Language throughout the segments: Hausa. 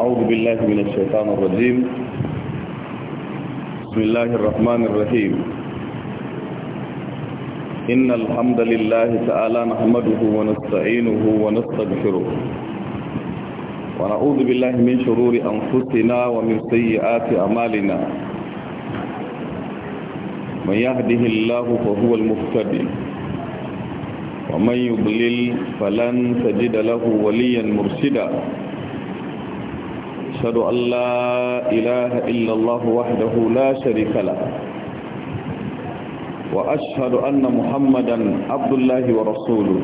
أعوذ بالله من الشيطان الرجيم بسم الله الرحمن الرحيم إن الحمد لله تعالى نحمده ونستعينه ونستغفره ونعوذ بالله من شرور أنفسنا ومن سيئات أمالنا من يهده الله فهو المهتدي ومن يضلل فلن تجد له وليا مرشدا أشهد أن لا إله إلا الله وحده لا شريك له وأشهد أن محمدا عبد الله ورسوله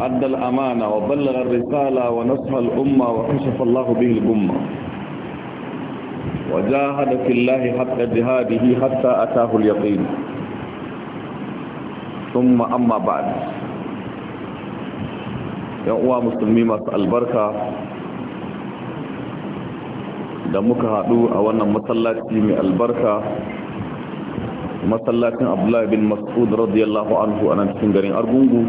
أدى الأمانة وبلغ الرسالة ونصح الأمة وكشف الله به الأمة وجاهد في الله حتى جهاده حتى أتاه اليقين ثم أما بعد يا أخوة مسلمين البركة da muka haɗu a wannan masallaci mai albarka masallacin abdullahi bin mas'ud radiyallahu anhu a nan cikin garin argungu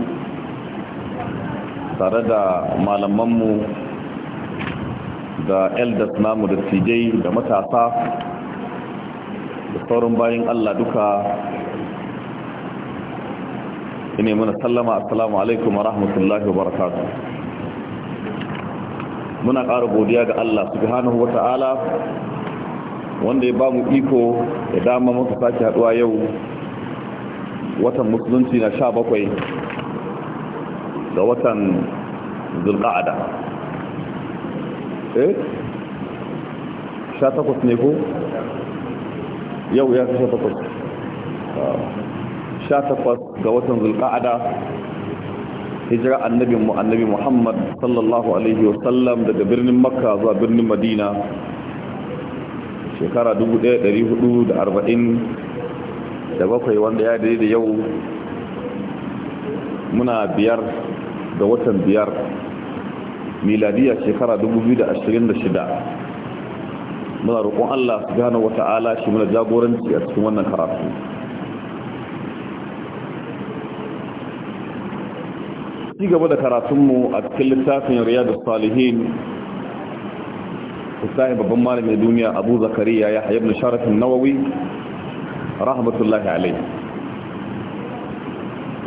tare da malamanmu da eldas namu da tijai da matasa da sauran bayan allah duka ina mana sallama assalamu alaikum wa rahmatullahi wa barakatuh muna ƙara godiya ga Allah subhanahu wa ta'ala wanda ya ba mu iko ya dama muka sake haɗuwa yau watan musulunci na sha bakwai ga watan zulƙa'ada eh sha takwas ne ko yau ya sha takwas ah, sha takwas ga watan zulƙa'ada hijira annabin mu annabi Muhammad sallallahu alaihi wasallam daga birnin Makka zuwa birnin Madina shekara da bakwai wanda ya daidai da yau muna biyar da watan biyar miladiya shekara 2026 muna roƙon Allah su gane wata'ala shi muna jagoranci a cikin wannan karatu ci gaba da karatunmu a cikin littafin riyadu salihin isa'i babban malamin duniya abu zakariya ya hayar na sharafin nawawi rahmatullahi alai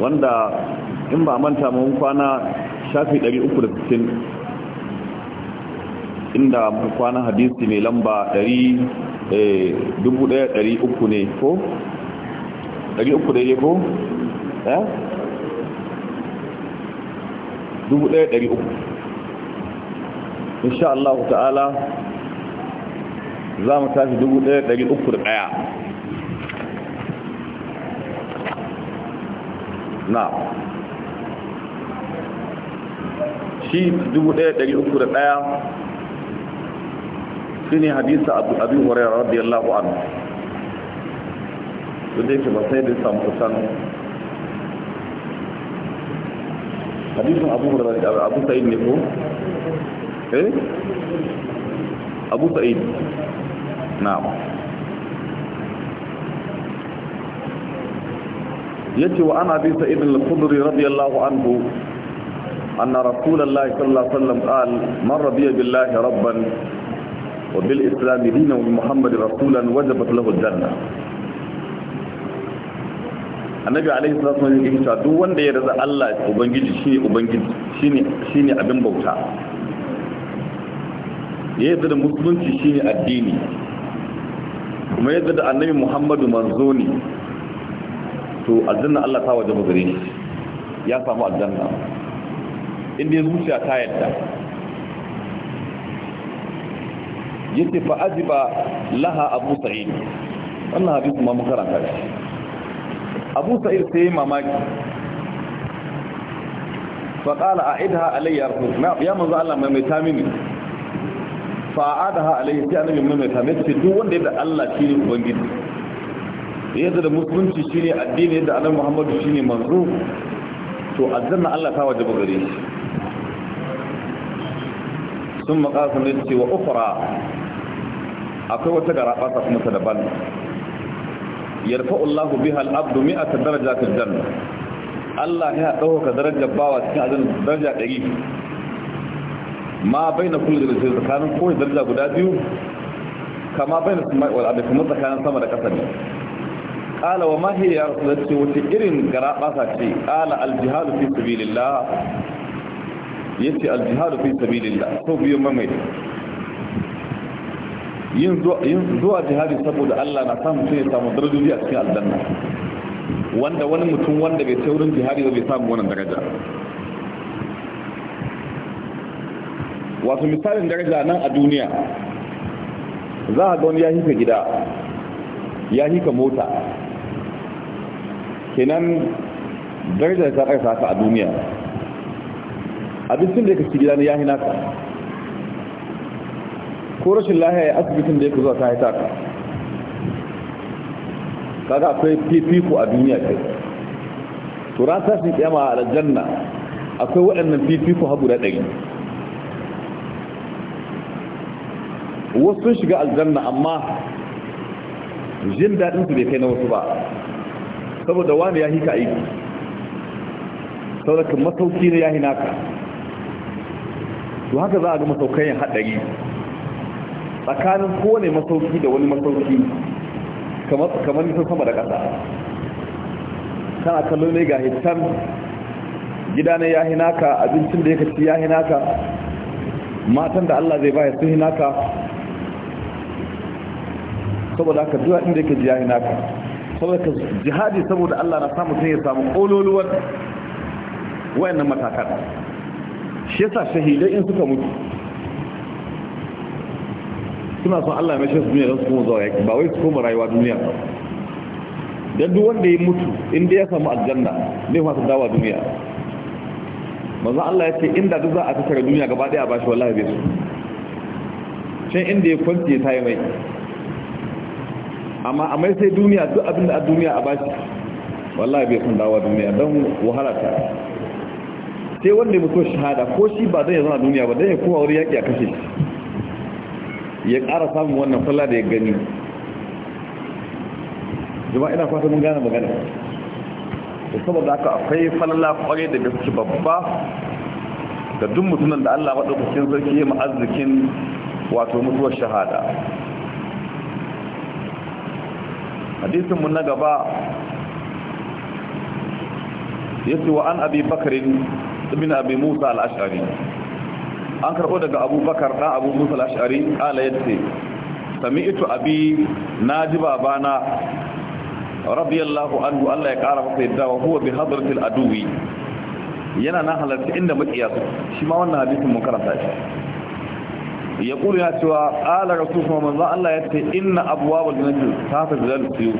wanda in ba manta mun kwana shafi 360 inda kwana hadisi mai lamba 1300 eh, ne ko 300 ne ko? Eh? 1300 insha Allah ta'ala za mu tashi 1301 na shi 1301 shi ne hadisa abin horaira radiyallahu anhu su dai ke ba sai da samu kusan hadisin abu sa'id ne ko eh abu sa'id na'am yace wa ana bi sa'id al-khudri radiyallahu anhu anna rasulullahi sallallahu alaihi wasallam qal man radiya billahi rabban وبالإسلام دينا وبمحمد رسولا وجبت lahu الجنة annabi alaihi salatu wasallam yake cewa duk wanda ya raza Allah ubangiji shine ubangiji shine shine abin bauta ya yadda da musulunci shine addini kuma yadda da annabi Muhammadu manzo ne to aljanna Allah ta waje gare shi ya samu aljanna inda zuciya ta yadda yace fa ajiba laha abu sa'id wannan hadisi ma mun karanta abu sa'id sai mamaki faƙala a idha alayya rasul ya manzo Allah mai mai tamimi fa'adaha alayhi sai annabi mai mai tamimi sai duk wanda yadda Allah shi ne ubangiji yadda da musulunci shi ne addini yadda annabi Muhammadu shi ne manzo to azanna Allah ta wajaba gare shi sun maƙasa ne ce wa ukura akwai wata garaba ta kuma ta daban yarfa'u Allahu biha al-abdu mi'ata darajatil janna Allah ya dauka darajar bawa cikin azan daraja 100 ma baina kulli darajatin tsakanin kowace daraja guda biyu kama baina sama'i wal ardi kuma tsakanin sama da ƙasa ne qala wa ma hiya ya rasulati wata irin garaba sa ce qala al-jihadu fi sabilillah yace al-jihadu fi sabilillah to biyo mamaye yin zuwa jihadi saboda Allah na samu sai ya samu darajoji a cikin aljanna wanda wani mutum wanda bai taurin jihadi ba bai samu wannan daraja wato misalin daraja nan a duniya za a ga wani ya hika gida ya hika mota kenan daraja ta haka a duniya abincin da ya kashi gida na ya nasa. ko rashin lahiya ya asibitin da ya zuwa ta haita ka kaga akwai fifiko a duniya kai to ran tashin kiyama a aljanna akwai waɗannan fifiko ha guda ɗari wasu sun shiga aljanna amma jin daɗin su bai kai na wasu ba saboda wani ya hika aiki saboda kan masauki na ya hinaka to haka za a ga masaukai haɗari tsakanin kowane masauki da wani masauki kamar nisan sama da ƙasa kana kallo ne ga hitan gida ne ya hinaka abincin da ya kaci ya hinaka matan da Allah zai baya sun hinaka saboda haka duwa inda ya kaji ya hinaka saboda ka jihadi saboda Allah na samu sun ya samu ƙololuwar wayannan matakan shi yasa shahidai in suka mutu suna son Allah mai shafi duniya don su kuma zuwa yaki ba wai su koma rayuwa duniya ba dan duk wanda ya mutu inda ya samu aljanna zai fasa dawa duniya manzo Allah ya ce inda duk za a tattara duniya gaba daya ba shi wallahi bai so shan inda ya kwanci ya tayi mai amma a mai sai duniya duk abinda a duniya a bashi wallahi bai son dawa duniya don wahala ta sai wanda ya mutu shahada ko shi ba zai zama zana duniya ba dan ya kowa wuri yaki a kashe shi ya ƙara samun wannan falla da ya gani jama'a ina fata mun gane magana da saboda haka akwai falla kwarai da gaske babba ga duk mutunan da Allah maɗaukacin sarki ya arzikin wato mutuwar shahada hadisinmu na gaba ya ce wa an abi bakarin ibn abi musa al'ashari an karbo daga abubakar ɗan abu musul ashari ƙala ya ce sami ito abi na ji babana radiyallahu anhu allah ya ƙara masa yadda wa huwa bi hadratil aduwi yana na halarci inda makiya su shi ma wannan hadisin mun karanta shi ya kula ya cewa ala rasul kuma manzo Allah ya ce inna abwabul jannati tafi zalal suyu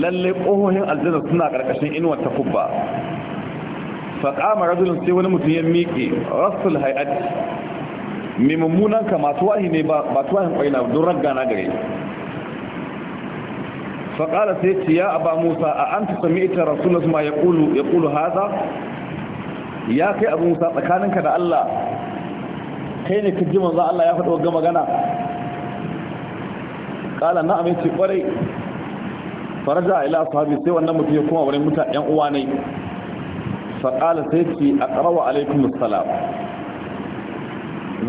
lalle kohohin aljanna suna ƙarƙashin inuwar takubba faƙama rajulun sai wani mutum ya miƙe rasul hayat mai mummunan ka matuwahi ne ba su tuwahin ƙwaina don na gare faƙala sai ce ya aba musa a an ta sami ita rasulun su ma ya ƙulu haza ya kai abu musa tsakaninka da allah kai ne ka ji manzo allah ya faɗo ga magana ƙala na amince ƙwarai faraja ila sahabi sai wannan mutum ya kuma wurin mutane uwa ne faƙala sai ce a ƙarawa alaikum salama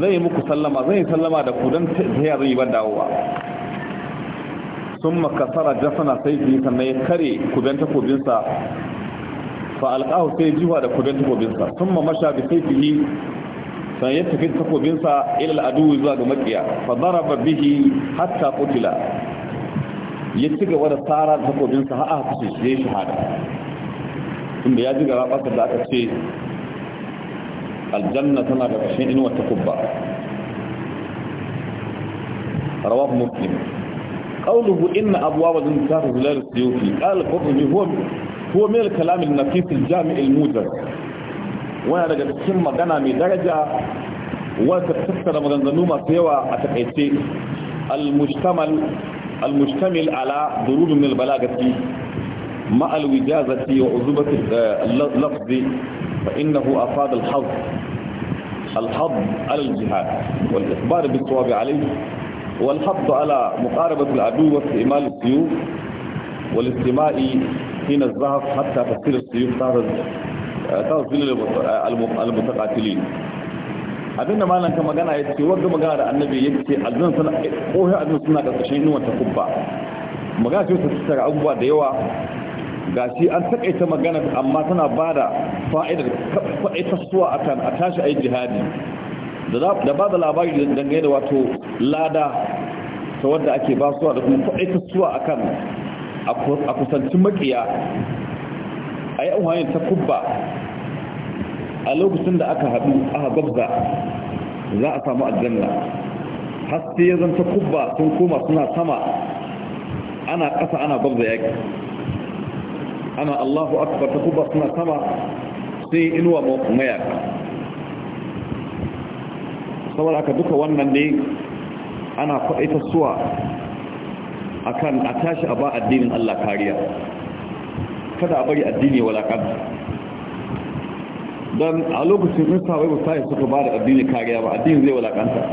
zai muku sallama zai sallama da ku don tafiya zai ban dawowa sun makasara jasana sai ji sannan ya kare kudan takobinsa fa alƙahu sai jiwa da kudan takobinsa sun ma masha bi sai fihi san ya tafi takobinsa ilal aduwi zuwa ga maƙiya fa zaraba bihi hatta kutila ya ci gaba da tsara takobinsa har aka kashe shi shahada tunda ya ji ga da aka ce aljanna tana da kashin inuwar takubba rawa muslim ƙaunuhu inna abuwa wa zan tafi zulayar siyofi ƙalifofin jihomi kuwa mai kalamin na fisil jami'il mujar wani daga cikin magana mai daraja wata tattara maganganu masu yawa a takaice al-mustamil ala durubin mil balagati مع الوجازة وعذوبة اللفظ فإنه أفاد الحظ الحظ على الجهاد والإخبار بالصواب عليه والحظ على مقاربة العدو واستعمال السيوف والاستماع حين الزهف حتى تسير السيوف تصل المتقاتلين abin da malanka magana ya ce wadda magana da annabi ya ce aljihun suna ƙohon abin suna ƙarƙashin inuwar ta kubba magana ce ta tattara abubuwa da yawa ga shi an takaita magana amma tana ba da fa'idar suwa a kan a tashi a yi jihadi da ba da labari dangane da wato lada ta wadda ake ba suwa da kuma faɗaitasuwa a kan a kusancin makiya a yi ta kubba a lokacin da aka haɗu aka gwabza za a samu aljanna haske ya zanta kubba sun koma suna sama ana ƙasa ana gwabza yaki ana allahu akbar ta kuba suna sama sai inuwa mayaka saboda aka duka wannan ne ana kwaɗaita suwa akan a tashi a ba addinin allah kariya kada a bari addini walakanta don a lokacin in sawai ba sai suka ba da addini kariya ba addini zai kanta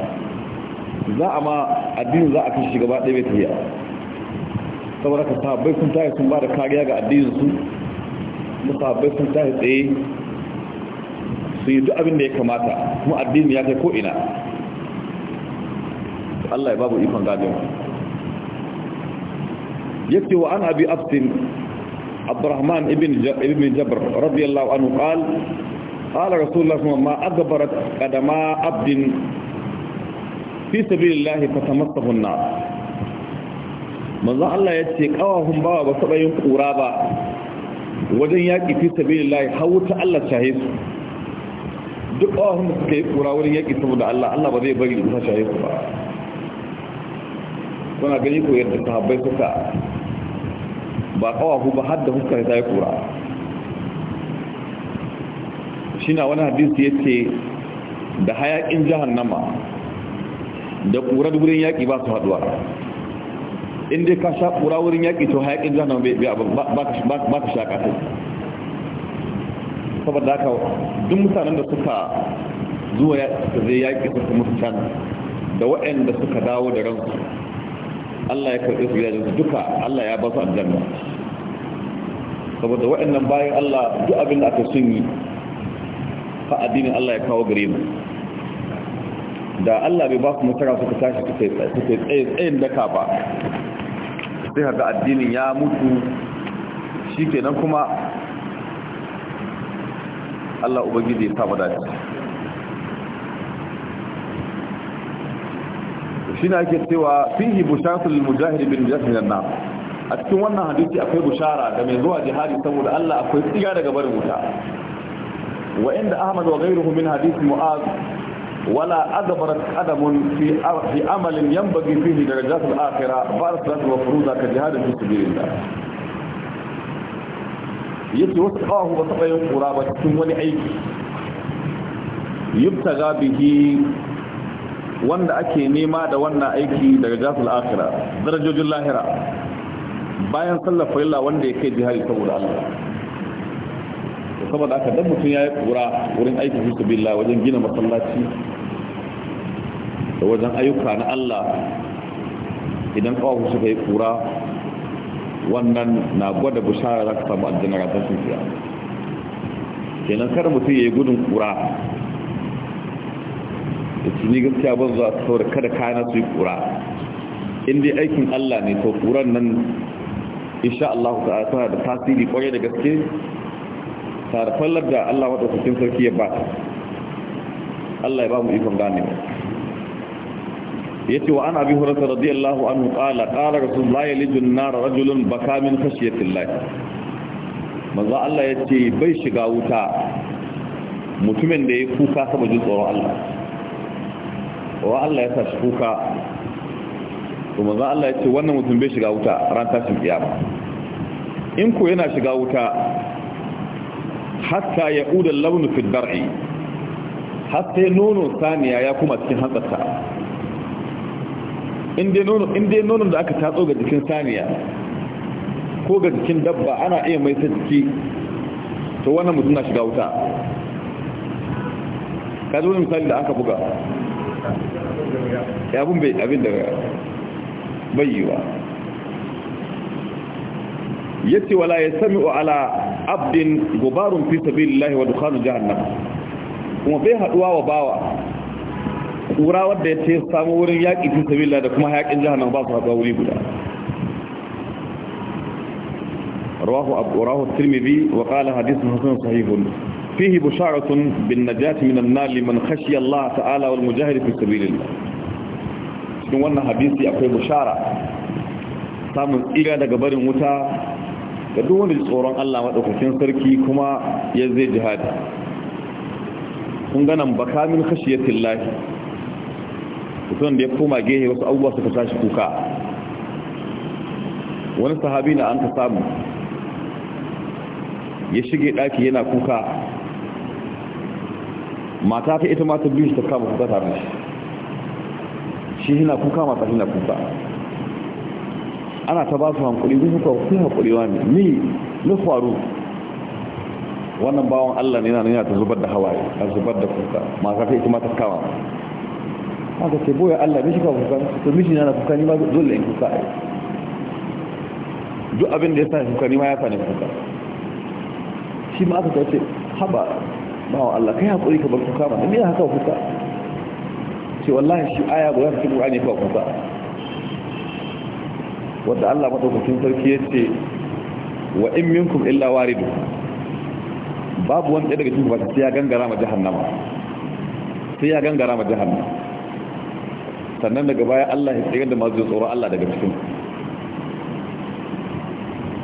za a ma addini za a kashe gaba ɗaya bai tafiya saboda ka sahabbai sun tahi sun ba da kariya ga addininsu da sahabbai sun tahi tsaye su yi duk abin da ya kamata kuma addini ya kai ko'ina Allah ya babu ikon gadon yake wa an abi abdin abdurrahman ibn jabr radiyallahu anhu qal qala rasulullah ma agbarat qadama abdin fi sabilillah fatamassahu an-nar manzo Allah ya ce kawahun bawa ba saba yin kura ba wajen yaƙi fi sabilillahi har wuta Allah shahe su duk kawahun da suka yi kura wurin yaƙi saboda Allah Allah ba zai bari wuta shahe su ba kuna gani ko yadda habbai suka ba kawahu ba har da huskar ta yi kura shi na wani hadisi ya ce da hayaƙin jahannama da ƙurar wurin yaƙi ba su haɗuwa in dai ka sha kura wurin yaƙi to hayaƙin zana bai abin ba ka sha ta saboda haka duk mutanen da suka zuwa zai yaƙi suka mutu can da waɗanda suka dawo da ransu Allah ya karɓi su gidajen su duka Allah ya ba su aljanna saboda waɗannan bayan Allah duk abin da aka sun yi fa addinin Allah ya kawo gare mu da Allah bai ba su mutara suka tashi suka tsaye tsayin daka ba sai ga addinin ya mutu shi kenan kuma Allah Ubangiji ya saba dace shi na ake cewa fihi bushatul mujahid bin jahil na a cikin wannan hadisi akwai bushara da mai zuwa jihadi saboda Allah akwai tsiga daga barin wuta wa inda Ahmad wa ghayruhu min hadisi Mu'az ولا أدبرت قدم في في عمل ينبغي فيه درجات الآخرة فارسلت وفروضها كجهاد في سبيل الله yace wasu kawahu ba taɓa yin ƙura ba cikin wani aiki yubtaga bihi wanda ake nema da wannan aiki daga jasul akhira darajojin lahira bayan sallafa yalla wanda kai jihari saboda Allah saboda aka dan mutum ya yi kura wurin aiki fi billa wajen gina masallaci da wajen ayyuka na Allah idan kawo suka yi kura wannan na gwada bushara za ka samu aljanna ga tashin fiya kenan kar mutum ya yi gudun kura da tuni gaskiya ban zuwa saboda kada kayan su yi kura in dai aikin Allah ne to kuran nan insha Allah ta'ala tana da tasiri kwarai da gaske tare fallar da Allah maɗaukakin sarki ya ba Allah ya ba mu ikon gane ya ce wa an abi hurasa radiyallahu anhu ƙala ƙala rasul la ya lijin nara rajulun baka min kashiyatin lai maza Allah ya ce bai shiga wuta mutumin da ya kuka sama jin tsoron Allah wa Allah ya sa shi kuka to maza Allah ya ce wannan mutum bai shiga wuta ran tashin kiyama in ko yana shiga wuta hatta ya udal launu fi dar'i hatta nono saniya ya kuma cikin hantsarta inda nono inda nono da aka tatso ga jikin saniya ko ga jikin dabba ana iya mai ta jiki to wannan mutum shiga wuta ka zo misali da aka buga ya abin bai abin da bayyuwa yace wala yasmi'u ala abdin Gobarun fi sabilillahi wa dukhanu jahannam kuma bai haduwa wa bawa kura wadda ya ce samu wurin yaƙi fi sabilillah da kuma yaƙin jahannam ba su haduwa wuri guda rawahu abu rawahu tirmidhi wa qala hadithun hasan sahihun fihi busharatun bin najati minan nar liman khashiya Allah ta'ala wal mujahid fi sabilillah cikin wannan hadisi akwai bushara samun tsira daga barin wuta da duk wani tsoron Allah madaukakin sarki kuma ya zai jihadi kun ganan baka min khashiyatin lahi mutum da ya koma gehe wasu abubuwa suka tashi kuka wani sahabi na an ka samu ya shige daki yana kuka mata ta ita mata biyu ta kama kuka tare shi shi yana kuka mata yana kuka ana ta ba su hankuli ku suka ku hakuri wa ne ni na faru wannan bawan Allah ne yana yana ta zubar da hawaye ta zubar da kuka mata ta ita ta kama haka ce boye Allah mishi ka kuka to mishi na kuka ni ma dole in kuka ai duk abin da ya sani kuka ni ma ya sani kuka shi ma aka ta ce haba bawan Allah kai hakuri ka bar kuka ma ni haka kuka ce wallahi shi aya guda kuka ne ka kuka wadda Allah madaukakin sarki ya ce wa in minkum illa waridu babu wani daga cikin ba sai ya gangara ma jahannama sai ya gangara ma jahannama sannan daga baya Allah ya tsira da masu tsoro Allah daga cikin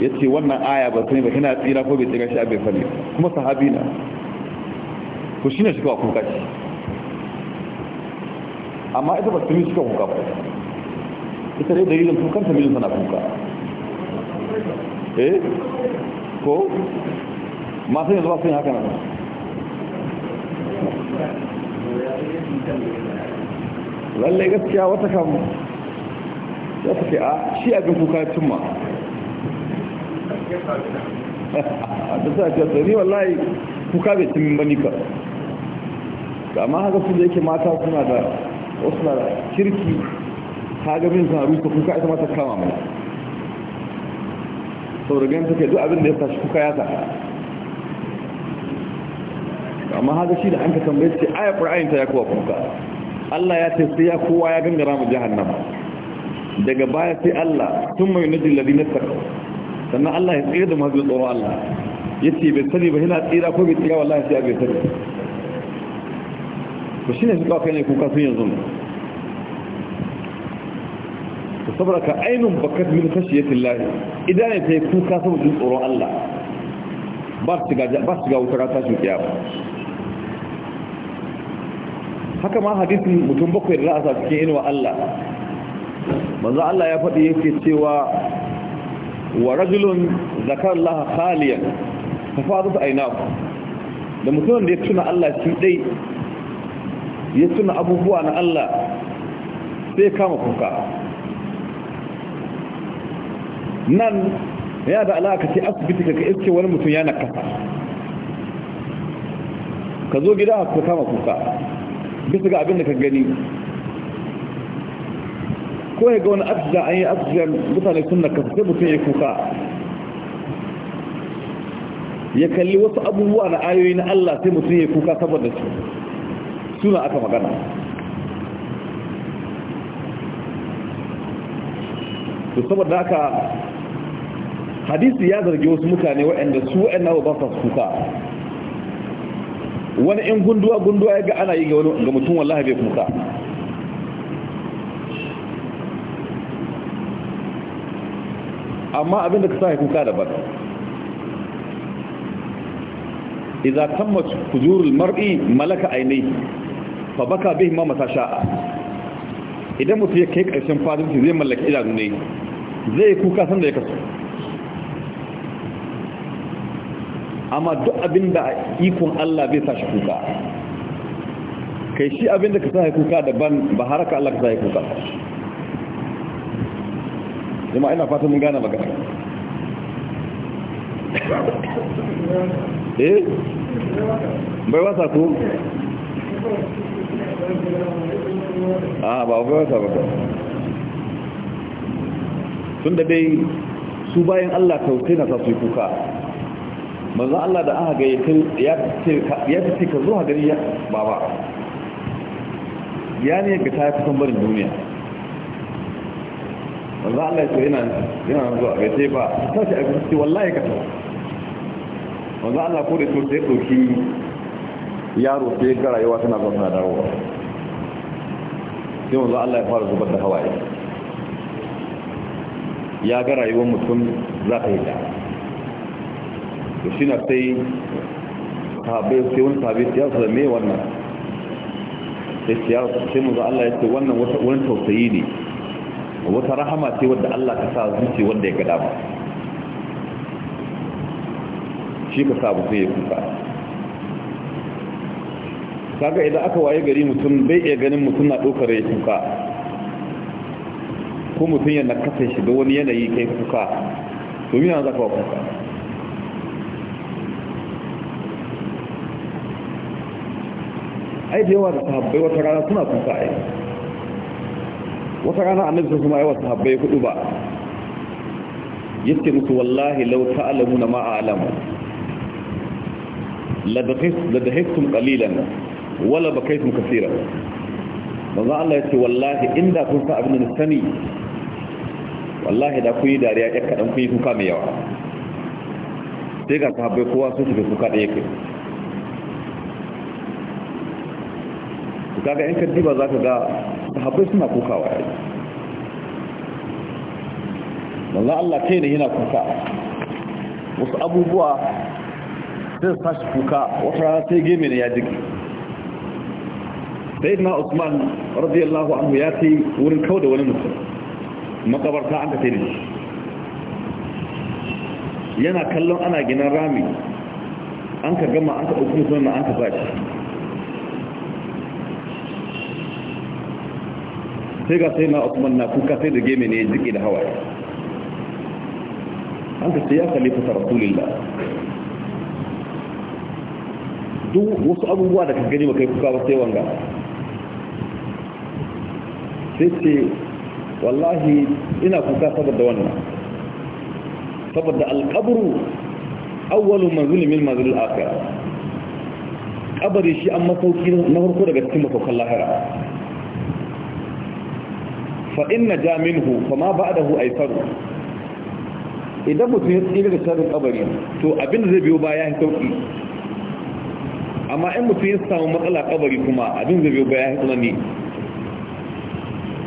ya ce wannan aya ba sai ba kina tsira ko bai tsira shi abin fali kuma sahabi na ku shi ne shi kawai kuka ce amma ita ba su yi shi kawai kuka ba ita dai dalilin kukan ta mijin tana kuka eh ko masu yanzu ba sun haka nan lallai gaskiya wata kam ya fi a shi abin kuka cimma da sa ce tsari wallahi kuka bai cimin ba nika amma haka su da yake mata suna da wasu na kirki kaga bin sa rusa kuka ita mata kama mai sau da gan ke duk abin da ya tashi kuka ya saka amma haka shi da an ka tambaye ce aya qur'anin ta ya kowa kuka Allah ya ce sai ya kowa ya gangara mu jahannama daga baya sai Allah tun mai nadi na taqwa sannan Allah ya tsira da masu tsoro Allah ya ce bai sani ba yana tsira ko bai tsira wallahi sai ya bai sani ne shine suka kai ne kuka sun yanzu saboda ka ainihin bakat min fashiyatin lahi idan ya yi kuka saboda tsoron Allah ba su shiga wutar tashin ba, haka ma hadisin mutum bakwai da za'a a sa cikin inuwa Allah manzo Allah ya faɗi yake cewa wa rajulun zakar Allah khaliyan tafadut aynahu da mutumin da ya tuna Allah shi dai ya tuna abubuwa na Allah sai kama kuka nan ya da alaka ce asibiti ka iske wani mutum ya nakasa ka zo gida ka kama kuka bisa ga abin da ka gani ko ya ga wani asibiti an yi asibiti mutane sun nakasa sai mutum ya kuka ya kalli wasu abubuwa na ayoyi na Allah sai mutum ya kuka saboda su suna aka magana saboda haka hadisi ya zargi wasu mutane waɗanda su waɗanda ba sa kuka wani in gunduwa gunduwa ya ga ana yi ga wani ga mutum wallahi bai kuka amma abin da ka sa ya kuka daban idza tammat hujurul mar'i malaka aynai fa baka bihi ma mata sha'a idan mutum ya kai karshen fadin zai mallaki idanu ne zai kuka sanda ya kasu amma duk abin da ikon Allah bai sa shi kuka kai shi abin da ka sa kuka daban ba ka Allah ka sa kuka kuma ina fata mun gane magana eh bai wasa ku a ah, ba bai wasa ba tun da dai su bayan Allah tausayi na sa su kuka manzo Allah da aka gaya ya fi ka zuwa gari ya baba ya ne ga ta fi barin duniya manzo Allah ya ce yana zuwa ga ce ba ta ce a wallahi ka tawa Allah ko da to sai ɗauki yaro sai yi ga rayuwa tana zuwa tana dawowa sai manzo Allah ya fara zubar da hawaye ya ga rayuwar mutum za ta yi da to shi na sai sai wani tabi ya su da me wannan sai mu za Allah ya ce wannan wani tausayi ne wata rahama ce wadda Allah ka sa zuci wanda ya gada ba shi ka sa mutum ya kuka kaga idan aka waye gari mutum bai iya ganin mutum na ɗaukar ya kuka ko mutum yana kasa shi da wani yanayi kai kuka domin yana zafawa kuka ai da yawa da sahabbai wata rana suna kuka ai wata rana annabi sun kuma yawa sahabbai hudu ba yake musu wallahi law ta'lamuna ma a'lamu la dakhis la dakhistum qalilan wala bakaytum kaseeran manzo Allah ce wallahi inda kun sa abin da sani wallahi da kun yi dariya ya kadan kun yi kuka mai yawa sai ga sahabbai kowa sun shiga kuka da yake kaga 'yan kaddiba za ka ga sahabbai suna kuka wa yi wallah Allah kai ne yana kuka wasu abubuwa zai sashi kuka wata rana sai gemi ne ya jiki sai na usman radiyallahu anhu ya ce wurin kawo da wani mutum makabarta an ka sai yana kallon ana ginin rami an ka gama an ka ɗauki suna an ka bashi sai ga sai na Osman na kuka sai da geme ne jiki da hawaye an ka ya khalifa ta rasulullah duk wasu abubuwa da ka gani ba kai kuka ba sai wanga sai ce wallahi ina kuka saboda wannan saboda alƙabru awwalu manzilimin manzilil akhirah kabari shi an masauki na farko daga cikin masaukan lahira فإن جاء منه فما بعده أيفر إذا متهت إلى رسالة قبرية تو أبن زبيو باياه توقي أما إن متهت ساو مقلع قبرية كما أبن زبيو باياه تنني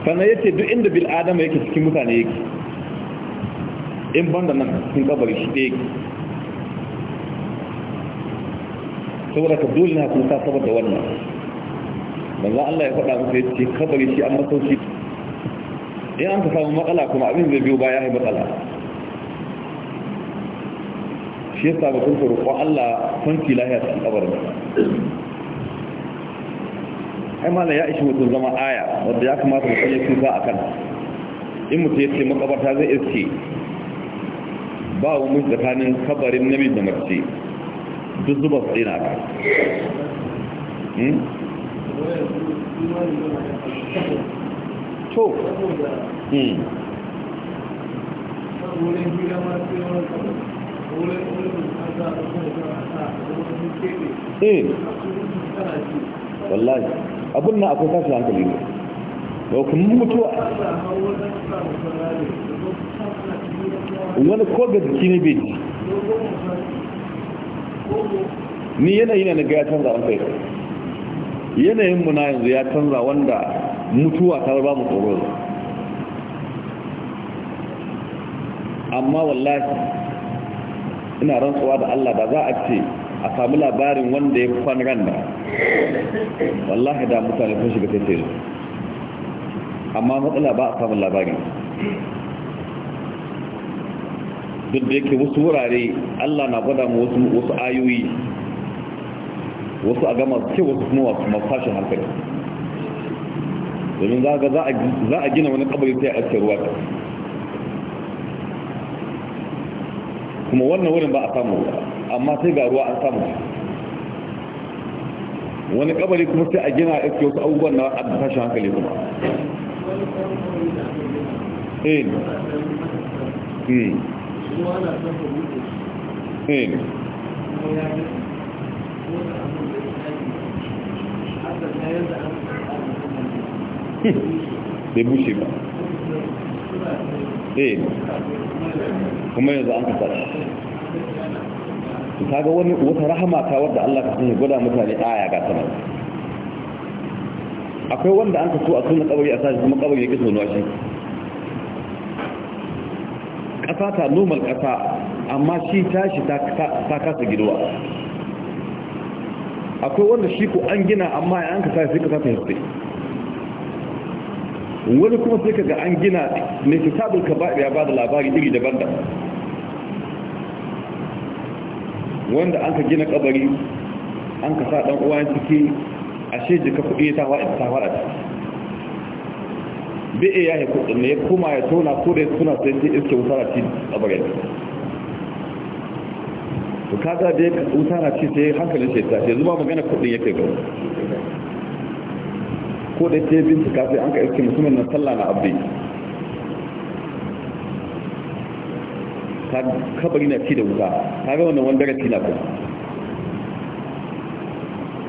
فأنا يتي دو إند بالآدم يكي سكيمتان يكي إن باندنا من قبرية شديك saboda ka dole na kuma ta saboda wannan manzo Allah ya faɗa muke cewa kabari shi amma sauki in an ka samu matsala kuma abin zai biyu baya ya matsala shi yasa ba kun ko Allah fanki lahiya ta alƙabarin ai malam ya ishi mutum zama aya wadda ya kamata mutum ya kusa a kan in mutum ya ce makabarta zai iske ba wa mun tsakanin kabarin nabi da mace duk zuba su tsina ka hmm? to hmm. eh. wani ko ne bai ni yanayi ne na ga ya canza an yanayin mu ya canza wanda mutuwa ta ba mu tsoro amma wallahi ina rantsuwa da Allah da za a ce a sami labarin wanda ya kwan randa wallahi da mutane sun shiga sai sai amma matsala ba a samun labarin duk da yake wasu wurare Allah na gwada mu wasu ayoyi wasu a gama ce wasu kuma masu fashin hankali domin za a gina wani kabari sai a aske ruwa kuma wannan wurin ba a samu ruwa amma sai ga ruwa an samu wani kabari kuma sai a gina a aske wasu abubuwan na a tashin hankali kuma eh bai bushe ba eh kuma yanzu an kasa ta ga wani wata rahama ta wadda Allah ka sanya gwada mutane aya ga sama akwai wanda an kaso a sunan kabari a sashi kuma kabari ya kisa wani washe ƙasa ta noma ƙasa amma shi tashi ta kasa gidowa akwai wanda shi ko an gina amma ya an kasa fi kasa ta hispanic wani kuma sai kaga an gina mai kitabul kaba'ir ya bada labari iri daban-daban wanda an ka gina kabari an ka sa dan uwa ciki ashe jika kuɗi ta faɗi ta faɗi bai ya yi kuɗin ne kuma ya tona ko da suna sai sai iske wutar ci kabarin to kaga da wutar ci sai hankalin shi ta ce zuma magana kuɗin ya kai gaba ko da bin suka sai an ka iske mutumin na sallah na abdi kabari na ci da wuta ta ga wannan wanda rafi na kuma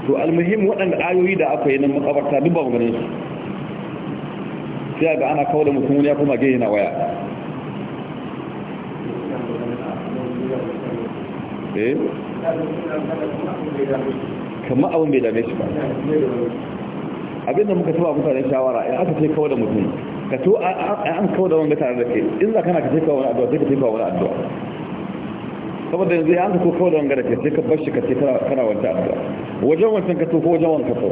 to almuhim waɗanda ayoyi da aka yi nan makabarta duk ba ganin su sai ga ana kawo da mutum ya kuma gaya na waya eh kamar abin bai dame shi ba abin da muka tuba mutane shawara in aka ce kawai da mutum ka to an kawai da wanda tare da ke in za kana ka ce kawai wani addu'a sai ka ce kawai wani addu'a saboda yanzu ya an ka to da wanda da ke sai ka bar shi ka ce kana wata addu'a wajen wancan ka to ko wajen wanka to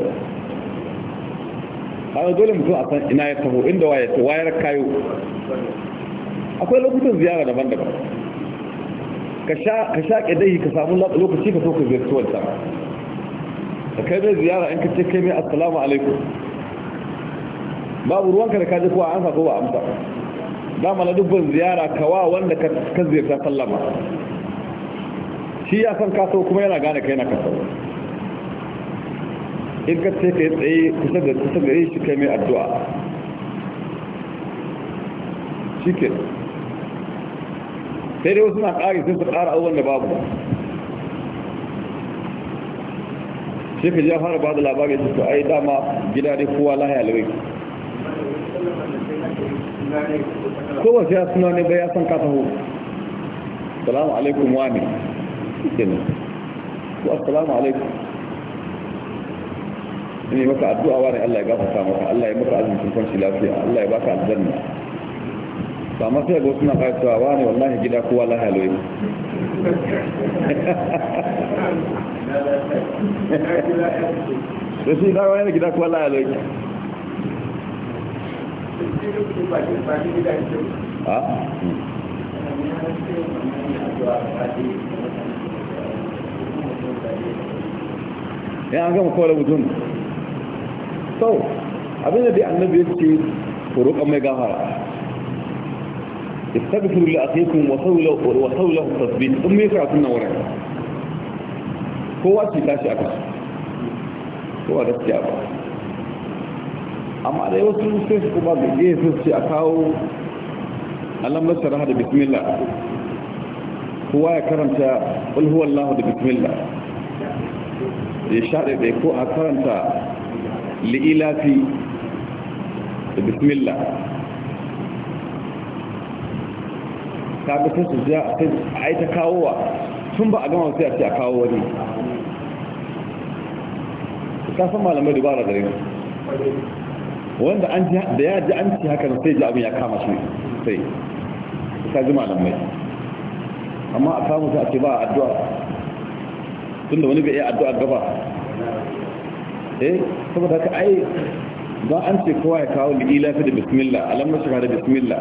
haka dole mutum a san ina ya taho inda waye ta wayar kayo akwai lokutan ziyara daban-daban ka sha ka sha ka samu lokaci ka so ka ziyarci wancan Da kai zai ziyara in ka ce kai mai assalamu alaikum babu ruwanka da kaji kowa an sako ba amsa dama na dubban ziyara kawa wanda ka ziyarta sallama shi ya san kaso kuma yana gane kai na kaso in ka ce ka yi tsaye kusa da kusa gare shi kai mai addu'a shi ke sai dai wasu na ƙari sun su ƙara abubuwan da babu sai ka ji fara ba da labari su to ai dama gida ne kowa lahaya lawai kowa sai ya suna ne bai ya san ka taho salamu alaikum wani kenan ko assalamu alaikum ne maka addu'a wani Allah ya gafarta maka Allah ya maka azumin kwanci lafiya Allah ya baka aljanna ba ma sai ga wasu na kai cewa wani wallahi gida kowa lahaya lawai da shi gida kuwa la'alai ya an gama kawai mutum sau abinda dai annabi ya ce furukan mai gafara استغفروا لأخيكم وصلوا له التثبيت أم يفع كنا ورعي هو أتي تاشي أكس هو أتي أبا أما على يوصل السيس كما بيجيه سيسي أكاو ألم نشر هذا بسم الله هو يا كرمت قل هو الله بسم الله يشارع بيكو أكرمت لإلافي بسم الله kaga sai su zuwa a yi ta kawowa tun ba a gama sai a ce a kawo wani ta san malamai da bara gare wanda an ji da ya ji an ci haka sai ji abin ya kama shi sai ta ji malamai amma a kama sai a ce ba addu'a Tun da wani bai iya addu'a gaba eh saboda haka ai ba an ce kowa ya kawo li'ila fi da bismillah alamma shi da bismillah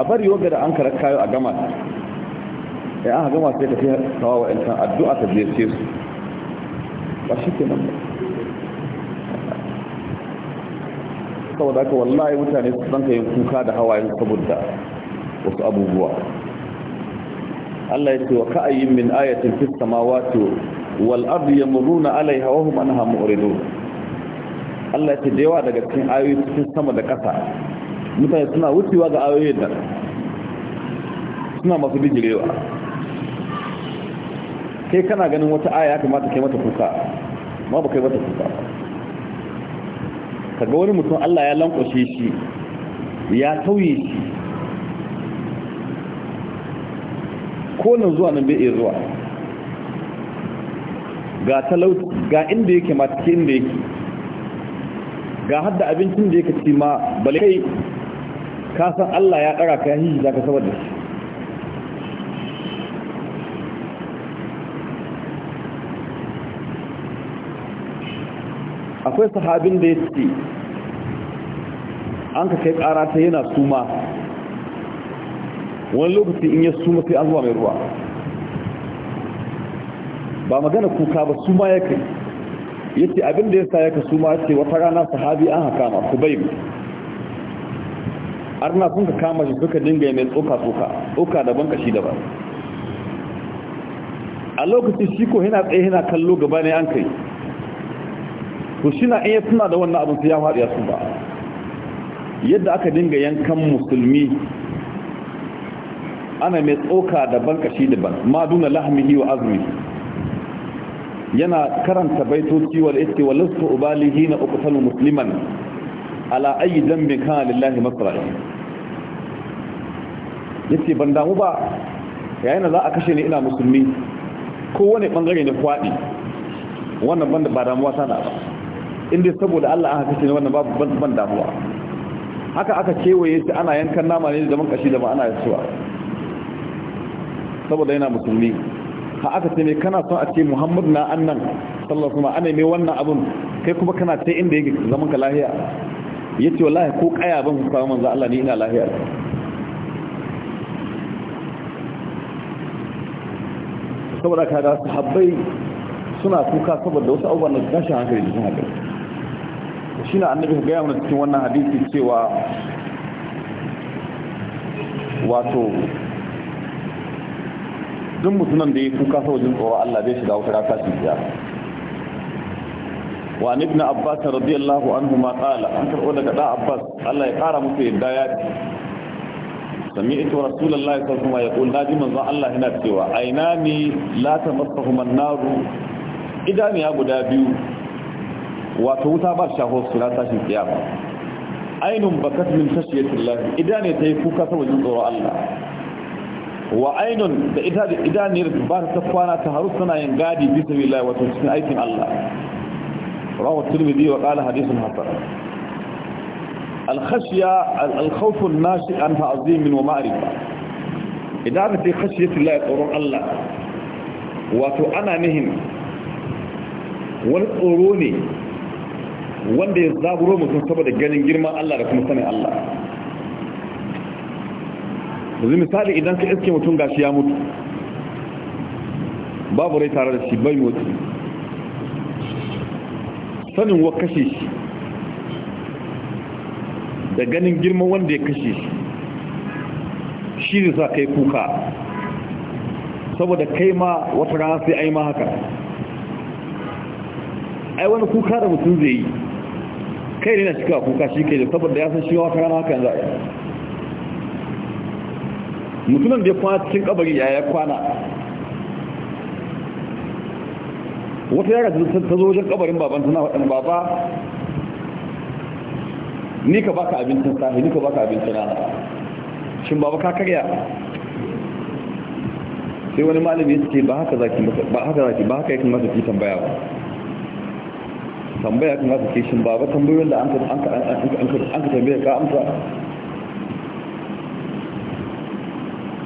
a bari yau da an karar kayo a gama ya eh, aka gama sai ka fi kawo wa yankan addu'a ta ziyarce su ba shi ke nan ba saboda haka wallahi mutane su zanka yin kuka da hawayen saboda wasu abubuwa Allah ya ce wa ka'ayyin min ayatin fis samawati wal ardi yamuruna alaiha wa hum anha mu'ridun Allah ya ce da yawa daga cikin ayoyi cikin sama da ƙasa mutane suna wucewa ga ayoyin nan suna masu bijirewa kai kana ganin wata aya kamata kai mata kuka ma ba kai mata kuka ka ga wani mutum Allah ya lankwashe shi ya tauye shi ko nan zuwa nan bai iya zuwa ga talauci ga inda yake mata ke inda yake ga hadda abincin da yake cima ma balai ka san Allah ya ɗara ka hihi za ka saboda shi akwai sahabin da ya ce an ka kai ƙara ta yana suma wani lokaci in ya suma sai an zuwa mai ruwa ba magana kuka ba suma ya kai ya ce abin da ya sa ya ka suma ce wata rana sahabi an haka masu ku bai na kun ka kama shi suka dinga mai tsoka-tsoka tsoka daban kashi daban a lokacin shi ko yana tsaye yana kallo gaba ne an kai to shi na iya suna da wannan abin su ya faɗi su ba yadda aka dinga yankan musulmi ana mai tsoka daban kashi daban ma duna lahmihi wa azumi yana karanta baitoci wal iske wa lasu ubalihi na uqtalu musliman ala ayi zambin kana lillahi ya ce ban damu ba yayin da za a kashe ni ina musulmi kowane bangare ne kwadi wannan ban ba damuwa sana ba inda saboda Allah aka kashe ni wannan babu ban damuwa haka aka kewaye shi ana yankan nama ne da man kashi da ba ana yasuwa saboda yana musulmi ha aka ce ne kana son a ce Muhammad na annan sallallahu alaihi wasallam ana mai wannan abun kai kuma kana ce inda yake zaman ka lahiya ce wallahi ko kaya ban ku kawo manzo Allah ne ina lafiya saboda kada sahabbai suna kuka saboda wasu abubuwan da tashin hankali da hankali shi na annabi ga gaya mana cikin wannan hadisi cewa wato duk mutumin da ya kuka saboda tsoron Allah bai shiga wata rafa shi biya وعن ابن عباس رضي الله عنهما قال أنكر أولك دا عباس الله يقار مسيح الدايات سمعت رسول الله صلى الله عليه وسلم يقول ناجي من ظهر الله هنا سوى عيناني لا تمسهما النار إداني أبو دابيو وتوتا برشا هو الصلاة في القيامة عين بكت من خشية الله إداني تيفوك سوجن ذرى الله وعين إداني رتبار تقوانا تهرسنا ينقادي بسم الله وتوسن أيتم الله رواه الترمذي وقال حديث حسن الخشية الخوف الناشئ عن تعظيم ومعرفة إذا في خشية الله يقولون الله wato ana nihin wani tsoro ne wanda ya zaburo mutum saboda ganin girman Allah da kuma sanin Allah yanzu misali idan ka iske mutum gashi ya mutu babu rai tare da shi bai mutu sanin wa kashe shi da ganin girman wanda ya kashe shi shi ne ka kai kuka saboda kai ma wata rana sai ai ma haka ai wani kuka da mutum zai yi kai ne na cika kuka shi kai da saboda ya san shi wata rana haka yanzu. a mutumin da ya kwana cikin kabari ya ya kwana wata yara ta zo wajen kabarin baban tana waɗanda baba ni ka baka abincin sahi ni ka baka abincin rana shin baba ka karya sai wani malami ya ce ba haka zaki ba haka yakin masa ki tambaya ba tambaya kan haka ke shin baba tambayoyin da an ka tambaya ka amsa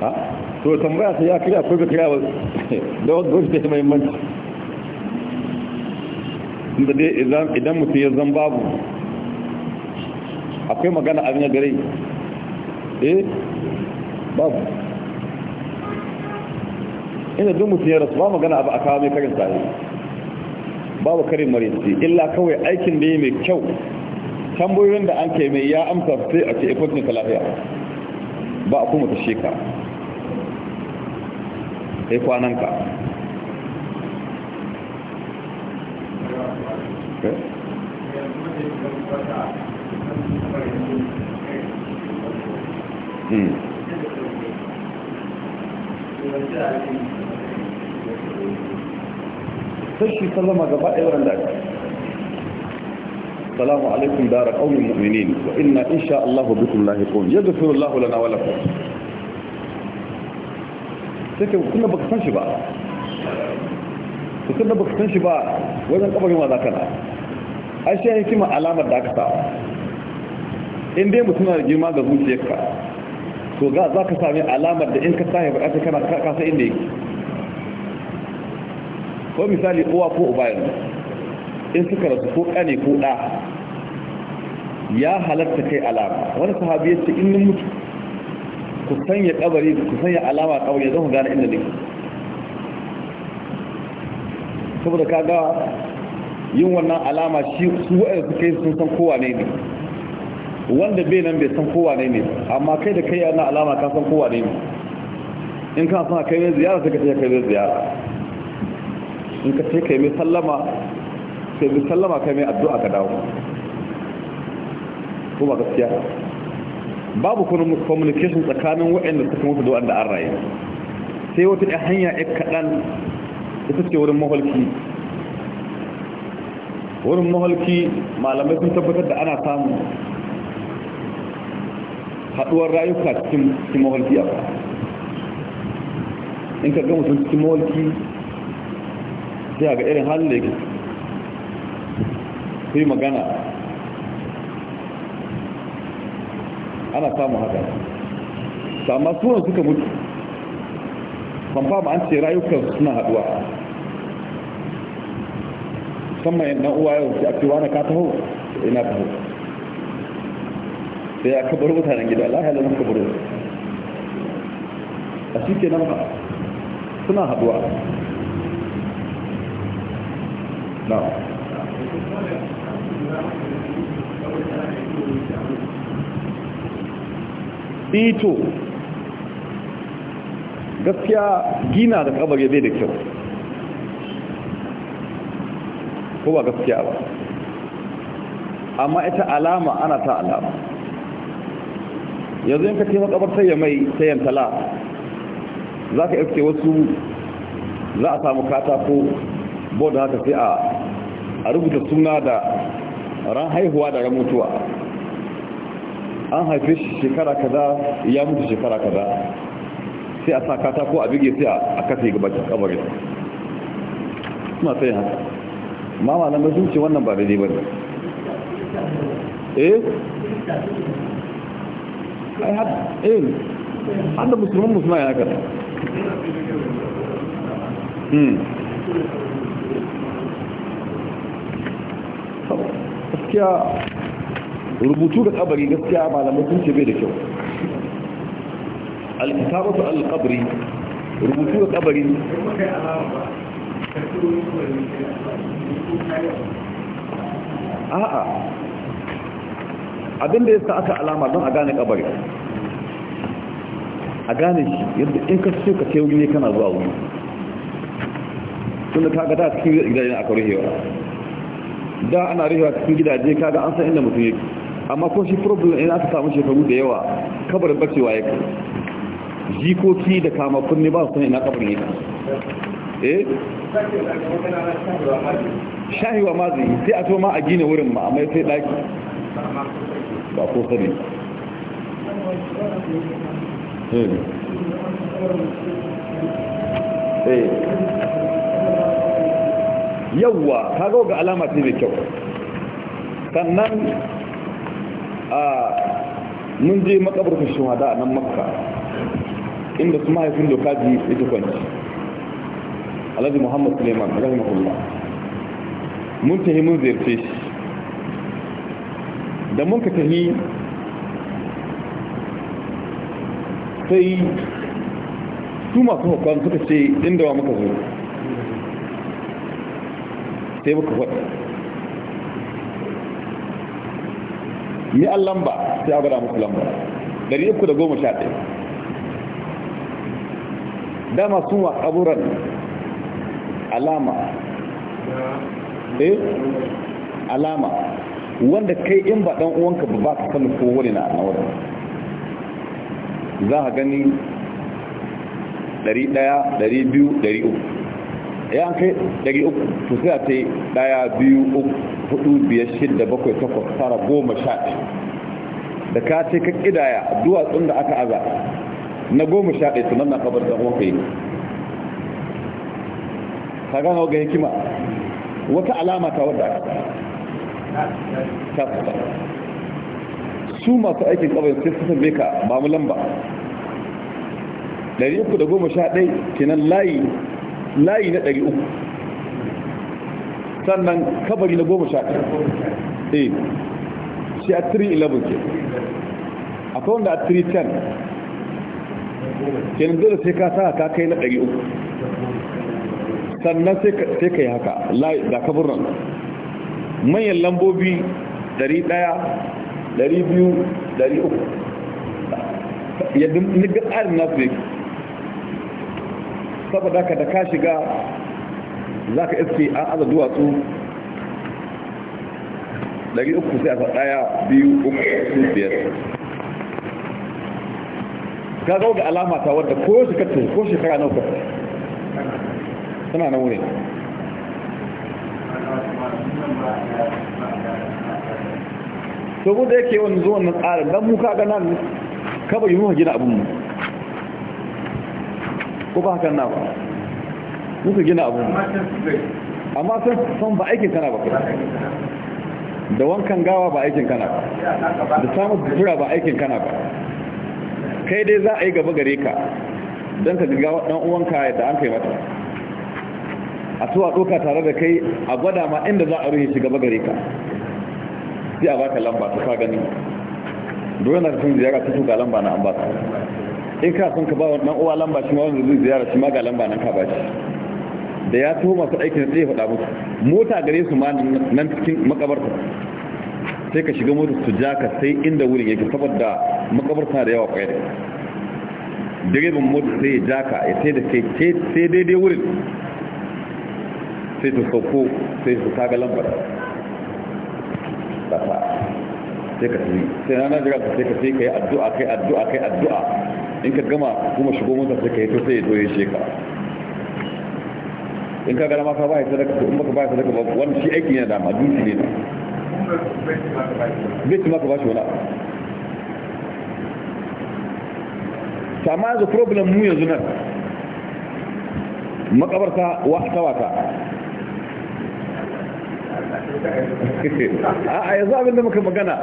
ha to tambaya sai ya kira ko ka kira ba da wani da mai muhimmanci inda dai idan mutum ya zan babu akwai magana a ya gare eh babu inda duk mutum ya rasu ba magana abu a kawo mai karin tsaye babu karin marisi illa kawai aikin da ya mai kyau tambayoyin da an kai mai ya amsa sai a ce ifotin eh, lafiya ba a kuma ta sheka sai kwananka Hmm. sai shi sallama gaba ɗaya wurin daga salamu alaikum dara ƙaunin mu'minin wa inna insha Allah bikum lahiqun yaghfiru Allah lana wa lakum sai ka kuma baka san shi ba kusan da baka san shi ba wajen kabarin ma zaka na ai sai hikima alamar da aka sa in dai mutum na da girma ga zuciyarka to za ka sami alamar da in ka sami haifar ka kana kasa inda yake ko misali uwa ko uba yanzu in suka rasu ko kane ko ɗa ya halatta kai alama wani sahabi ya ce in ni mutu ku sanya kabari ku sanya alama kabari zan gane inda ne saboda kaga yin wannan alama shi su wa'anda suka yi sun san kowa ne ne wanda bai nan bai san kowa ne ne amma kai da kai yana alama ka san kowa ne ne in ka san kai mai ziyara sai ka ce kai mai ziyara in ka ce kai mai sallama sai mai sallama kai mai addu'a ka dawo Ko ba gaskiya babu kuma communication tsakanin waɗanda suka mutu da waɗanda an raye sai wata ɗan hanya ɗan kaɗan ita ce wurin maholki wurin maholki malamai sun tabbatar da ana samu haduwar rayuka cikin cikin mawarki in ka ga mutum cikin mawarki sai ga irin halin da yake yi magana ana samun haka amma suna suka mutu kwamfama an ce rayukan suna haduwa musamman yadda uwa yau ce a cewa na ka taho ina taho sai ya kabar mutanen gida Allah ya halin aka bar a shi ke nan suna haduwa na ito eh gaskiya gina da kabari bai da kyau ko ba gaskiya ba amma ita alama ana ta alama yanzu yanka ce sai ya mai sayan tala za ka iske wasu za a samu katako boda haka sai a rubuta suna da ran haihuwa da ran mutuwa an haife shi shekara kaza ya mutu shekara kaza sai a sa katako a bige sai a kafe gabacin kabarin suna sai haka mama na mazunci wannan ba daidai ba ne eh اي حد ايه حد مسلم مسمى يا كده امم طب اسكيا ربطوه القبري اسكيا على ما كنت بيه ده الكتابة القبري ربطوه القبري اه اه abinda ya sa aka alama don a gane kabari a gane shi yadda in ka so ka ce wuri ne kana zuwa wuri tunda kaga da cikin gidaje ne aka rihewa da ana rihewa cikin gidaje kaga an san inda mutum yake amma ko shi problem ina aka samu shekaru da yawa kabarin bacewa ya kai jikoki da kama kunne ba su san ina kabarin yake eh shahiwa mazi sai a to ma a gina wurin ma amma sai daki ba ko sani eh. Eh. yawwa ka zo ga alama ce mai kyau sannan a mun je makabarta shuhada a nan makka inda su mahaifin doka ji ita kwanci alhaji muhammad suleiman rahimahullah mun tahi mun ziyarce shi da mun ka tafi sai su masu hukwan suka ce inda wa muka zo sai muka wata ni an lamba sai a gada muku lamba Dari uku da goma sha ɗaya dama sun wa ƙaburan alama eh alama wanda kai in ba dan uwanka ba ka sanin ko wani na wurin za ka gani 100 200 300 ya kai 300 to sai a ce 1 2 4 5 6 7 8 9 10 da ka ce ka kidaya duwatsun da aka aza na 10 sha to nan na kabar da uwanka yi ka gano ga hikima wata alama ta wadda aka ta su masu aikin kabari sai su bai ka ba mu lamba 311 kenan layi layi na 300 sannan kabari na 11 eh shi a 311 ke akwai wanda a 310 kenan dole sai ka sa ka kai na 300 sannan sai ka yi haka layi da kaburin manyan lambobi 100 200 yadda tsarin yake saboda ka ka shiga za ka iske an aza duwatsu 300 sai a faɗaya 2 3 biyar. ka zo wadda ko shekara na nan wurin to mu yake wani zuwan na tsarin don mu gana ne kaba yi muka gina abinmu ko ba hakan na ba muka gina abinmu amma sun san ba aikin kana ba da wankan gawa ba aikin kana ba da samun kufura ba aikin kana ba kai dai za a yi gaba gare ka don ka gawa ɗan uwanka da an kai mata a tuwa doka tare da kai a gwada ma inda za a rufe shi gare ka sai a baka lamba ta gani dole na sun ziyara ta tuka lamba na an ba ta in ka sun ka ba wa dan uwa lamba shi ma wanda zai ziyara shi ma ga lamba nan ka ba shi da ya tuho masu aikin tsaye faɗa musu mota gare su ma nan cikin makabarta sai ka shiga motar su ja ka sai inda wurin yake saboda makabarta da yawa kwaya direban motar sai ya ja ka ya sai da sai daidai wurin sai ta sauko sai su kaga lambar ƙasa sai ka tafi sai rana jira ka sai ka sai ka yi addu'a kai addu'a kai addu'a in ka gama kuma shigo mota sai ka yi to sai ya zo ya sheka in ka gama ka ba ya sadaka in baka ba sadaka ba wani shi aiki ne dama ma duki ne na bai ci maka ba shi wani ta amma yanzu problem mu yanzu nan makabarta wata wata a yanzu abinda muka magana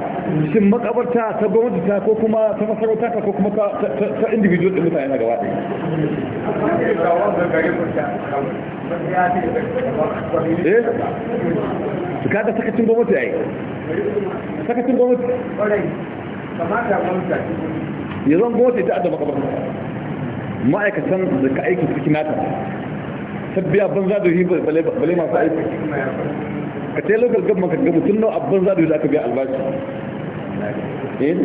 shin makabarta ta gwamnati ta ko kuma ta masarauta ka ko kuma ta individual da mutane na gaba ɗaya eh su kada sakacin gwamnati ya yi sakacin gwamnati ya zan gwamnati ta adda makabarta ma'aikatan da ka aiki cikin nata sabbiya banza da yi balai masu aiki ka ce lokal gabban ka gabu tun nau abban zaɗu da aka biya albashi eh?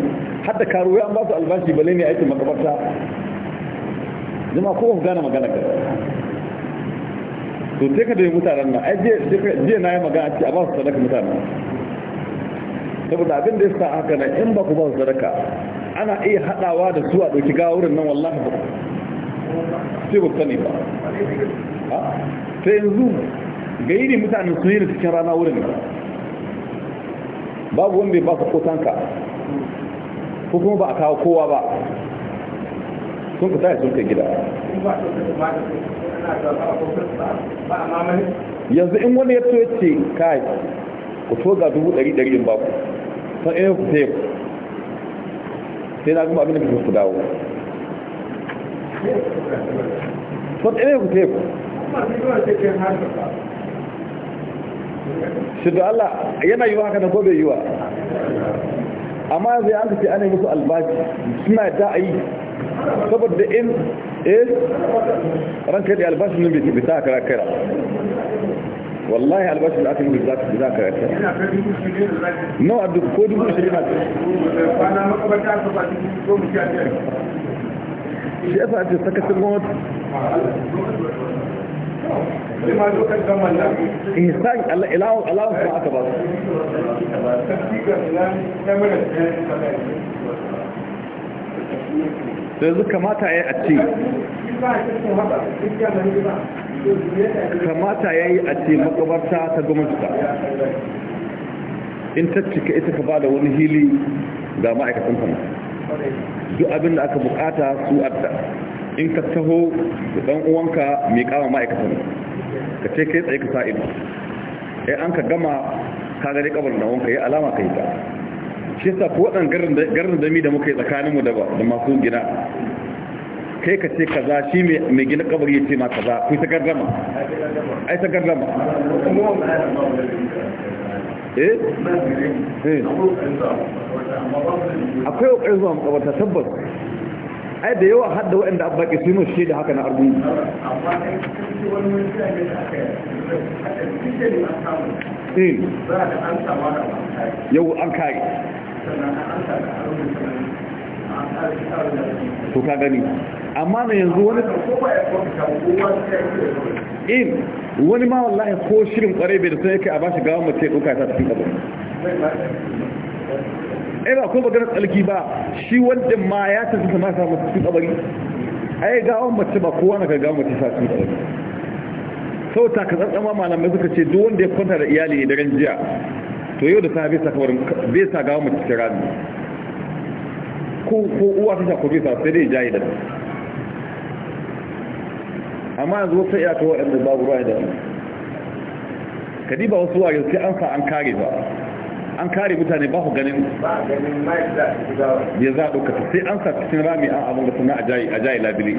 hadda karuwa an ba su albashi bale ne aikin makabarta zama ko ku gane magana ka to sai ka dai mutanen nan ai jiya na yi magana ce a ba su sadaka mutanen saboda abin da ya sa haka nan in ba ku ba su sadaka ana iya haɗawa da su a ɗauki gawurin nan wallahi ba sai ba sani ba sai yanzu gairi mutanen sun yi da cikin rana wurin babu wanda ba ka kotanka ko kuma ba a kawo kowa ba sun ka tashi sun ka gida yanzu in wani ya to ya ce kai ku to ga dubu ɗari ɗari ba ku san ɗaya ku sai ku sai na gama abin da ku dawo san ɗaya ku yi ku shi da Allah yana yiwa haka na gobe yiwa amma yanzu ya ce ana yi musu albashi suna da a yi saboda in eh ranka da albashin nan bai ta kara kara wallahi albashin da aka yi za ka za ka rata no a duk ko dubu shirin na kwana makamata ta ba dubu shi yasa ake sakacin gwamnati ihsan eh, Allah ilahu Allah ba aka ba yanzu kamata ya yi a ce kamata ya yi a ce makabarta ta gwamnati ta in ta cika ita ka ba da wani hili ga ma'aikatan sama duk abin da aka bukata su adda in ka taho da ɗan uwanka mai kama ma'aikatan ka ce kai tsaye ka sa ido sai eh, an ka gama ka gani kabar da wanka ya alama ka yi ta shi sa ko ɗan garin dami da muka yi tsakanin mu da masu gina kai ka ce kaza shi mai gina kabar ya ce ma kaza ku ta gardama ai ta gardama eh? Eh. akwai kokarin zuwa makabarta tabbas ai da yawa har waɗanda abbaƙi su yi mashi da haka na arbu eh. yau an kare to ka gani amma na yanzu wani in eh, wani ma wallahi ko shirin kwarai bai da sai yake a bashi gawon mace ɗauka ta cikin abu ina kuma maganar tsalki ba shi wanda ma ya tafi kama sa masu cikin tsabari a yi gawon mace ba kowa na gaggawa mace sa cikin tsabari sau ta kasar tsama malamai suka ce duk wanda ya kwanta da iyali da ran jiya to yau da ta bai sa kamar bai sa gawon mace cikin rami ko uwa ta shafa bai sa sai dai jayi da amma yanzu wasu iyaka waɗanda babu ruwa da kadi ba wasu wa yanzu sai an sa an kare ba an kare mutane ba ku ganin ya zaɗo a ɗaukata sai an sa cikin rami an abin da suna a jayi labili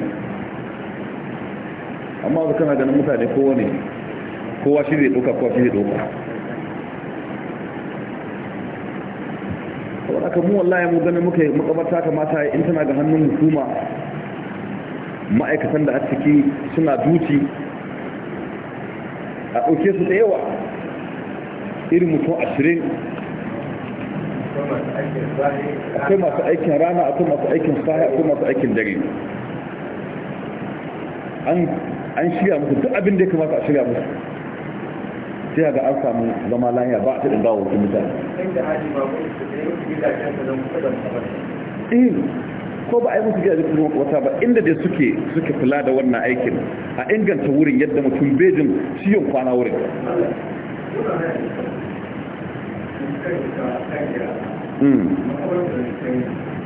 amma su kana ganin mutane kowa ne kowa shi zai ɗauka kowa shi zai ɗauka kawai aka mu wallahi mu ganin muka yi makabarta kamata in tana ga hannun hukuma ma'aikatan da a ciki suna duci a ɗauke su da yawa irin mutum ashirin akwai masu aikin rana akwai masu aikin sahi akwai masu aikin dare an shirya musu duk abin da ya kamata a shirya musu sai ga an samu zama lanya ba a taɗin dawo wasu mutane eh, ko ba a yi musu gidaje kuma wata ba inda dai suke suke kula da wannan aikin a inganta wurin yadda mutum bejin ciyon kwana wurin Hmm.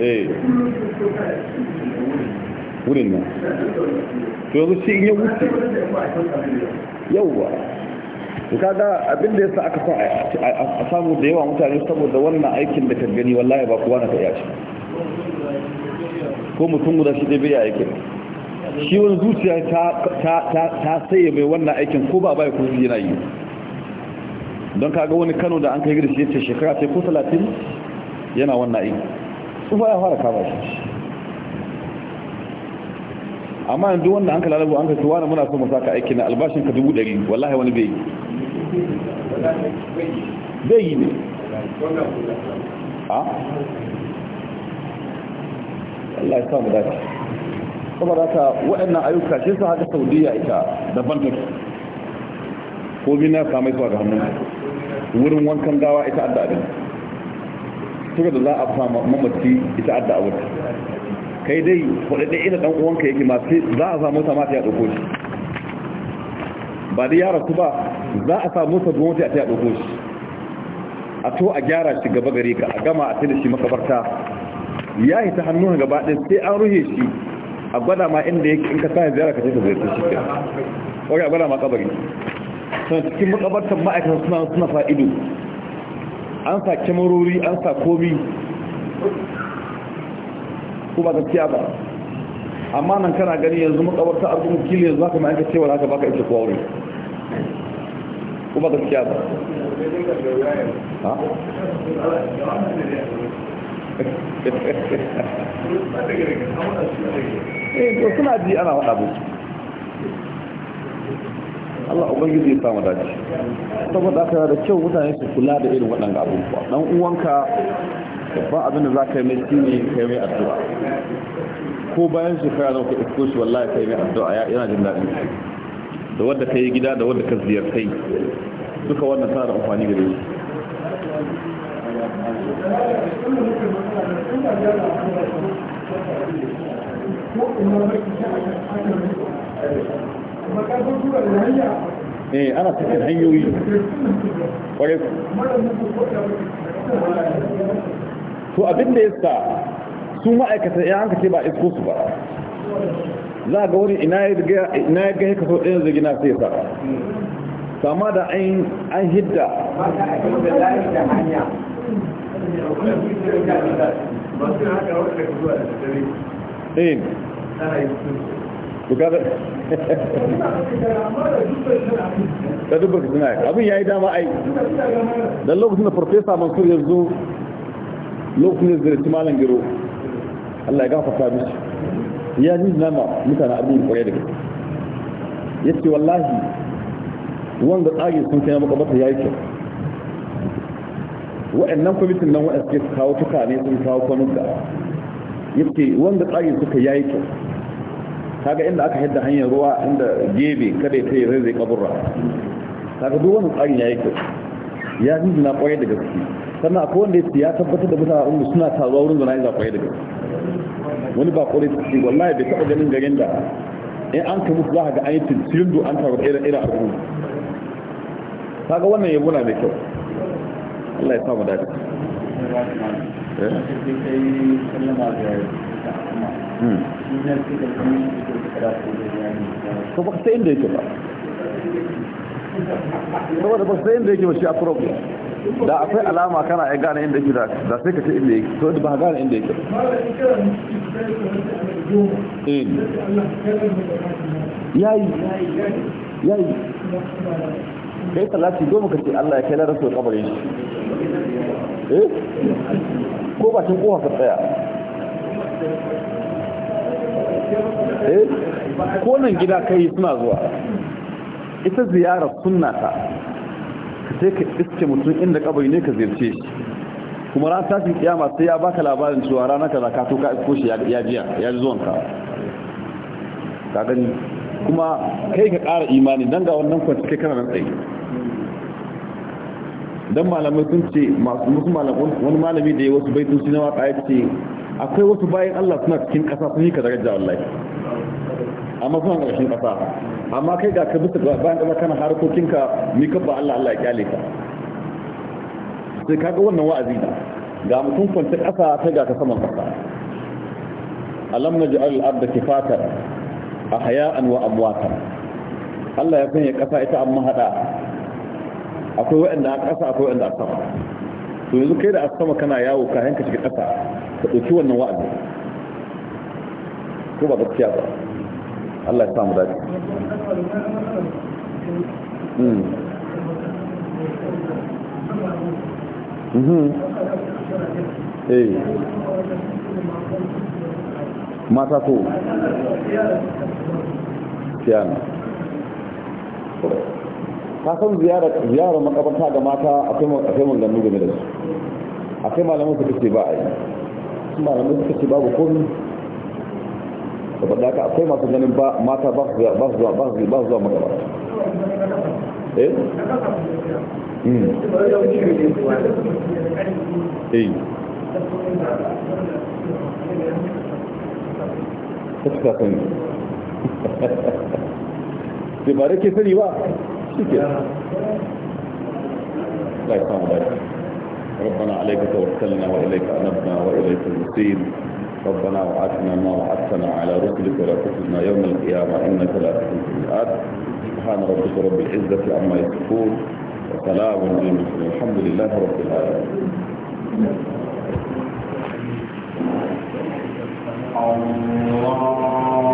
Eh. Eh. wurin nan to yanzu shi in ya wuce yauwa to kaga abin da yasa aka sa a samu da yawa mutane saboda wannan aikin da ka gani wallahi ba kowa na ta iya ko mutum guda shi ɗaya aikin shi wani zuciya ta saye mai wannan aikin ko ba bai kuma yana yi don kaga wani kano da an kai gida ce shekara sai ko talatin yana wannan aiki tsufa ya fara kama shi amma yanzu wanda an kalalabu an kai wani muna so mu saka aiki na albashin ka dubu ɗari wallahi wani bai bai yi ne a ah? Allah ya samu dace saboda ka waɗannan ayyuka shi su haka saudiya ita daban take ko bi na samai zuwa ga hannun wurin wankan gawa ita adda abin suka da za a fama mamaci ita adda abin kai dai kwadadai ina dan uwanka yake masu za a samu ta mata ya dauko shi ba da yara su ba za a samu ta gwamnati a ta ya shi a to a gyara shi gaba gare ka a gama a tilishi shi makabarta ya yi ta hannun gaba ɗin sai an ruhe shi a gwada ma inda yake in ka sa ziyara ka ce ta ziyarci shi ke a gwada ma kabari suna cikin makabartar ma'aikata suna suna fa'ido an sa kyamarori an sa komi ko ba siya ba amma nan kana gani yanzu makabarta arzikin kili yanzu haka ma'aikata cewa haka baka ita kwauri ko ba gaskiya ba ha? ha? ha? ha? ha? ha? ha? Allah ubangiji ya samu dace saboda aka da kyau mutane su kula da irin waɗanda abubuwa dan uwanka babban abin da za ka yi mai shine kai mai addu'a ko bayan shekara nawa ka iko shi wallahi kai mai addu'a ya yana jin daɗin shi da wanda ka yi gida da wanda ka ziyartai duka wannan tana da amfani gare shi Thank you. eh ana cikin hanyoyi kware ku to abin da yasa su ma'aikata ya hanka ce ba isko su ba za ga wani ina ya gaya haka so ɗaya zagina sai ya saba sama da an hidda eh to kaga da dubbar ka suna abin ya yi dama ai don lokacin da farfesa mansur ya zo lokacin da zirci malam giro allah ya gafa mishi ya ji nama mutane abin kwaye da gaske ya ce wallahi wanda tsage sun kai makamata ya yi kyau wa'annan kwamitin nan wa'an suke kawo tuka ne sun kawo kwanuka ya ce wanda tsage suka ya yi kyau kaga inda aka hidda hanyar ruwa inda gebe kada ya tayi zai kaburra kaga duk wannan tsarin yi kyau ya yi na kwaye da gaske sannan akwai wanda ya tabbatar da mutane umma suna taruwa wurin zana yin kwaye da gaske wani ba kwaye da wallahi bai taba ganin garin da in an ka musu za ka ga an yi tildo an taru irin irin abu kaga wannan ya buna mai kyau Allah ya samu dadi. Hmm. ko baka sai inda yake ba saboda baka sai inda yake ba shi a problem da akwai alama kana ya gane inda yake da sai ka ce inda yake to ba gane inda yake ba eh. yayi yayi kai salati goma ka ce Allah ya kai larar su kabarin shi ko eh? ko bakin kowa ka tsaya Eh? ko nan gida kai suna zuwa ita ziyara sunna ta ka sai ka iske mutum inda kabari ne ka ziyarce shi kuma ran tashin kiyama sai ya baka labarin cewa rana kaza ka to ka isko shi ya jiya ya ji zuwanka ka gani kuma kai ka ƙara imani don ga wannan kwanci kai kana nan tsaye don malamai sun ce masu malamai wani malami da ya wasu baitun sinawa na waƙa ce akwai wasu bayan Allah suna cikin ƙasa sun yi ka daraja wallahi amma suna ƙarshen ƙasa amma kai ga ka bisa bayan ƙasa kana harkokinka ni ka ba Allah Allah ya kyale ka sai kaga wannan wa'azi da ga mutum kwanta ƙasa ta ga ka saman ƙasa alam naj'al al-ardha kifatan ahya'an wa amwata Allah ya sanya ƙasa ita amma hada akwai waɗanda a ƙasa akwai waɗanda a sama to yanzu kai da a sama kana yawo kayan ka shiga ƙasa ka ɗauki wannan wa'adi ko ba gaskiya ba Allah ya samu dace hmm. Hmm. Eh. mata ko kiyana ka san ziyarar makabarta ga mata a akwai maganganu game da su kai malamin su kace ba a yi sun malamai suka ce babu komi saboda haka akwai masu ganin mata ba su zuwa ba su ba zuwa magaba eh ta hmm. eh. cika sani ba da ke sani ba shi ke laifin ربنا عليك توكلنا وإليك أنبنا وإليك المصير ربنا وعدنا ما وعدتنا على رسلك ولا تخزنا يوم القيامة إنك لا تخلف الميعاد سبحان ربك رب العزة عما يصفون وسلام للمسلمين الحمد لله رب العالمين